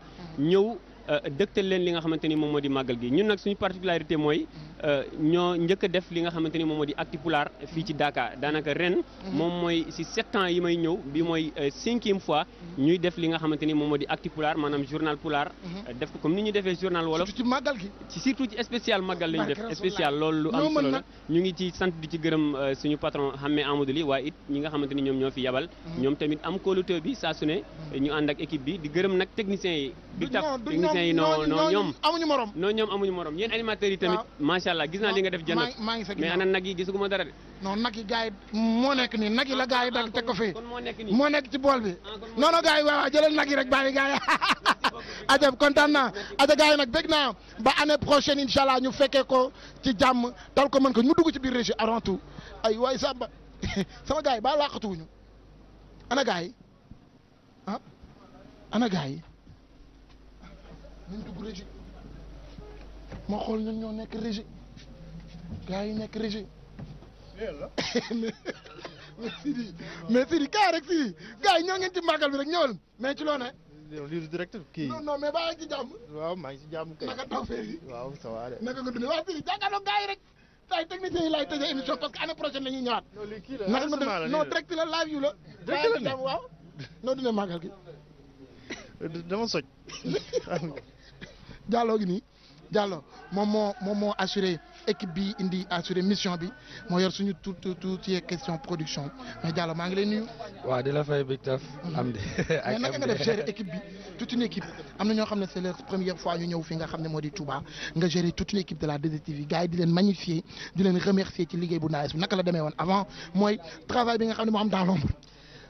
ñëw Euh, dëgtal leen li nga xamante ni moom moo di màggal gi ñun nag suñu particularité mooy euh, ñoo njëkk def li nga xamante ni moom moo di acti pulaar fii ci Dakar daanaka ren moom mooy si sept ans yi may ñëw bi mooy euh, cinquième fois ñuy def li nga xamante ni moom moo di acti pulaar maanaam journal pulaar mhm. def ko comme ni ñu defee journal wolof ci màggal gi ci surtout ci spécial ñu def spécial loolu lu am solo la ñu ngi ci sant di ci gërëm suñu patron Xammee Amadou Li waaye it ñi nga xamante ni ñoo fi yabal mhm. ñoom bi saa su ne mhm. ñu ànd ak équipe yi techniciens yi noo noo ñoom amuñu morom noo ñoom amuñu morom yéen animateurs yi tamit macha allah gis naa li nga def jënd maa ngi sa mais ana nag yi gisuguma dara de non nag yi gars moo nekk nii nag yi la gars yi dag teg ko fii ah, moo nekk ci bool bi ah, non non gars yi waaw waaw jëlal nag yi rek bàyyi gars yi <laughs> aja kontaan naa aja gars yi nag dégg naa ba année prochaine incha allah ñu fekkee ko ci jàmm tal ko man ko ñu dugg ci biir région avant tout ay waay samba <laughs> sama gars yi ba nañ dugg régie ma xool ñun ñoo nekk régie gars yi nekk régie. <laughs> mais Sidi mais Sidi kaa rek Sidi gars yi ñoo ngeen ci màggal bi rek ñëwal mais ci loo ne. yow lii direct kii non non mais baa ngi ci jàmm. waaw maa ngi ci jàmm kay naka taw fee yi. waaw ça va de. naka nga dundee waaw Sidi jàkkaarloog gars yi rek. ay techniciens yi laay tëjee émission parce que année prochaine la ñuy ñëwaat. non lii kii la la non direct la live yu la. direct la waaw. noo dundee màggal gi. <laughs> dama soj. <laughs> Diallo gi nii Diallo moom moo moom moo assuré équipe bi indi assuré mission bi moo yor suñu tout tout tout ci question production mais Diallo maa ngi lay nuyu. waaw di la fay big taf mm-hmm. am di <laughs> ak naka nga def gérer équipe bi toute une équipe am na ñoo xam ne c'est leur première fois ñu ñëw fi nga xam ne moo di Touba nga gérer toute une équipe de la 2STV gars yi di leen magnifier di leen remercier ci liggéey bu naaj bi naka la demee woon avant mooy travail bi nga xam ne moo am dans l'ombre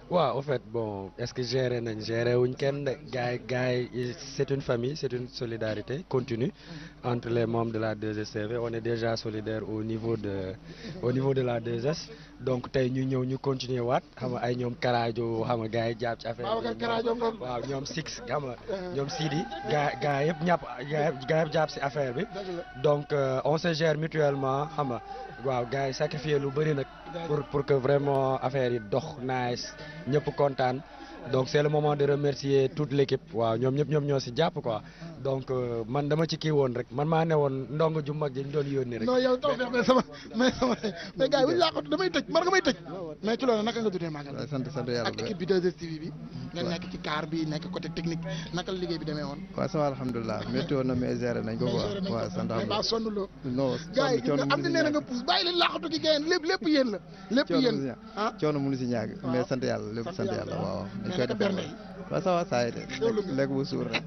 waaw en fait bon est-ce que gérer nañ gérer wuñ kenn de gaay gaay c'est une famille c'est une solidarité continue mhm. entre les membres de la 2STV on est déjà solidaire au niveau de au niveau de la 2S donc tey ñu ñëw ñu continuer waat xam nga ay ñoom karaajo xam nga gaay yi jàpp ci affaire waaw ñoom six xam nga uh-huh. ñoom Sidi gaa gaay yëpp ñàpp gaay yëpp jàpp ci affaire bi donc euh, on se gère mutuellement xam nga waaw gaay sacrifier lu bëri nag pour pour que vraiment affaire yi dox nice ñëpp kontaan donc c'est le moment de remercier toute l'équipe waaw ñoom ñëpp ñoom ñoo si jàpp quoi donc euh, man dama ci kii woon rek man maa ne woon ndongo ju mag ji ñu doon yónni rek. mais sama mais mais gars yi bu damay tëj man nga may tëj. mais ci loolu naka nga dundee màggal sant sant yàlla ak équipe bi bi nga nekk ci car bi nekk côté technique naka la liggéey bi demee woon waaw ça alhamdulilah métti woon na mais la lépp yéen ah coono mënu si ñaag ah. mais sant yàlla lépp sant yàlla lekk bu suur rek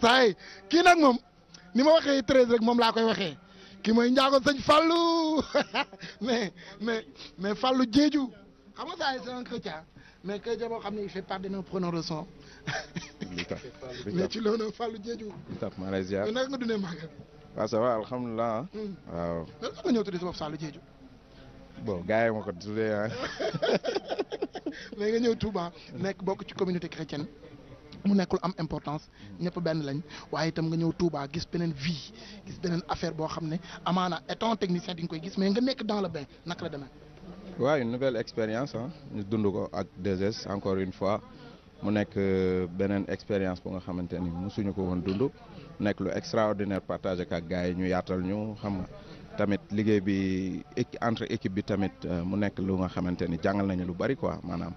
saa <laughs> kii nag moom ni ma waxee treize rek moom laa koy waxee ki mooy njaago sëñ Fallou <laughs> mais mais mais Fallou Diédhiou xam nga ça c'est un chrétien mais chrétien boo xam ne il fait partie de nos preneurs de son. li tax <laughs> mais ci loolu Fallou Diédhiou. li tax maa ngi lay ziar mais naka nga dundee màggal. waaw ah, ça va alhamdulilah. Ah. Hmm. waaw. lan nga ñëw tuddee sa bopp Fallou Diédhiou. bon gars yi ma ko tuddee ah. <laughs> mais nekk bokk ci communauté mu nekkul am importance ñëpp benn lañ waaye itam nga ñëw Touba gis beneen vie beneen affaire boo xam ne amaana étant technicien di nga koy gis mais nga nekk dans le bain naka la demee. waaw une ñu dund ko ak 2 encore une fois mu nekk euh, beneen expérience bu nga xamante ni mosuñu ko woon dund nekk lu extraordinaire partage gars yi ñu yaatal ñu xam tamit liggéey bi entre équipe bi tamit euh, mu nekk lu nga xamante ni jàngal nañu lu bari quoi maanaam.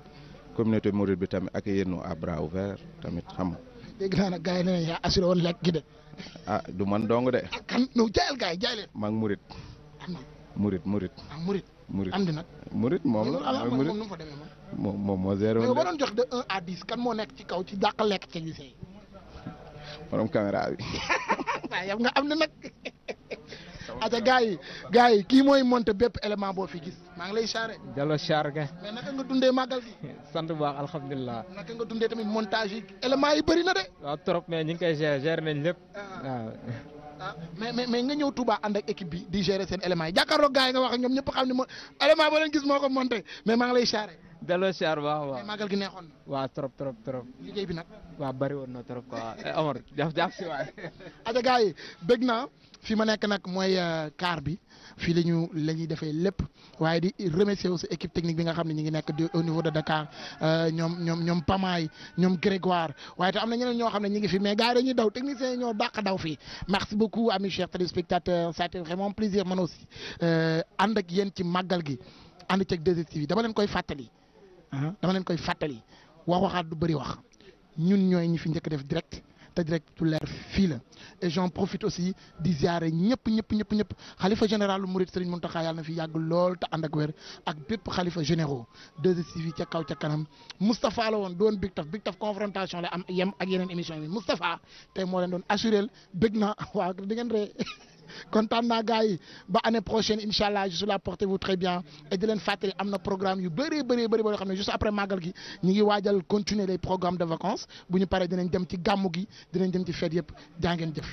communauté mouride bi tamit ak yéen à bras ouvert tamit xam nga. dégg naa nag gars yi ne yaa assuré woon lekk gi de. ah du man dong de. ah kan ñëw jaayal gars yi jaay leen. maa ngi murit. am na murit murit. ah murit. murit am di nag. murit moom la ah murit moom fa demee moom. moom moom moo zéro. mais waroon jox de un à dix kan moo nekk ci kaw ci dàq lekk ci gisee. borom caméra bi. <laughs> waaw yow nga am na nag. <laughs> aca gars yi gars yi kii mooy monté bépp élément boo fi gis maa ngi lay charré Diallo charré mais naka nga dundee màggal gi <laughs> sant bu baax alhamdulilah naka nga dundee tamit montage yi élément yi bëri na de trop mais ñu ngi koy gérer gérer ah. Ah, mais mais mais nga ñëw Touba ànd ak bi di gérer seen élément yi jàkkaarloog gars yi nga wax ak ñoom ñëpp xam ne mo élément ba leen gis moo ko maa ngi lay charré Diallo Sarr waaw waaw màggal gi neexoon na. waaw trop trop trop. liggéey bi bari woon na trop quoi eh, Omar jaaf jaaf si waay. <laughs> aja gars fi ma nekk nag mooy euh, car bi fii la ñu la ñuy defee lépp waaye di remercier aussi équipe technique bi nga xam ne ñu ngi nekk au niveau de Dakar euh, ñoom ñoom ñoom Pamaay ñoom Grégoire waaye te am na ñeneen ñoo xam ne ñu ngi fi mais gars yi dañuy daw techniciens yi ñoo dàq daw fii merci beaucoup amis chers téléspectateurs ça a été vraiment plaisir man aussi euh, ànd ak yéen ci màggal gi ànd ceeg 2STV dama leen koy fàttali dama leen koy fàttali wax waxaat du bëri wax ñun ñooy ñi fi njëkk def direct. Direct Tout Leer fii la aussi di ziare ñëpp ñëpp ñëpp xalifa général lu Mouride Serigne Mountakha yàlla na fi yàgg lool te ànd ak wér ak bépp xalifa généraux deux yi ca kaw ca kanam Moustapha la woon doon Big Taf Big Taf confrontation la am yem ak yeneen émission yi Moustapha tey moo leen doon assuré bëgg na <laughs> waaw di ngeen ree <laughs> kontaan naa gars ba année prochaine incha allah la suis là portez-vous très bien et di leen fàttali am na programme yu bëree bëree bëri boo xam ne juste après màggal gi ñu ngi waajal continuer les programmes de vacances bu ñu paree dinañ dem ci gàmmu gi dinañ dem ci fête yëpp jaa ngeen jëf.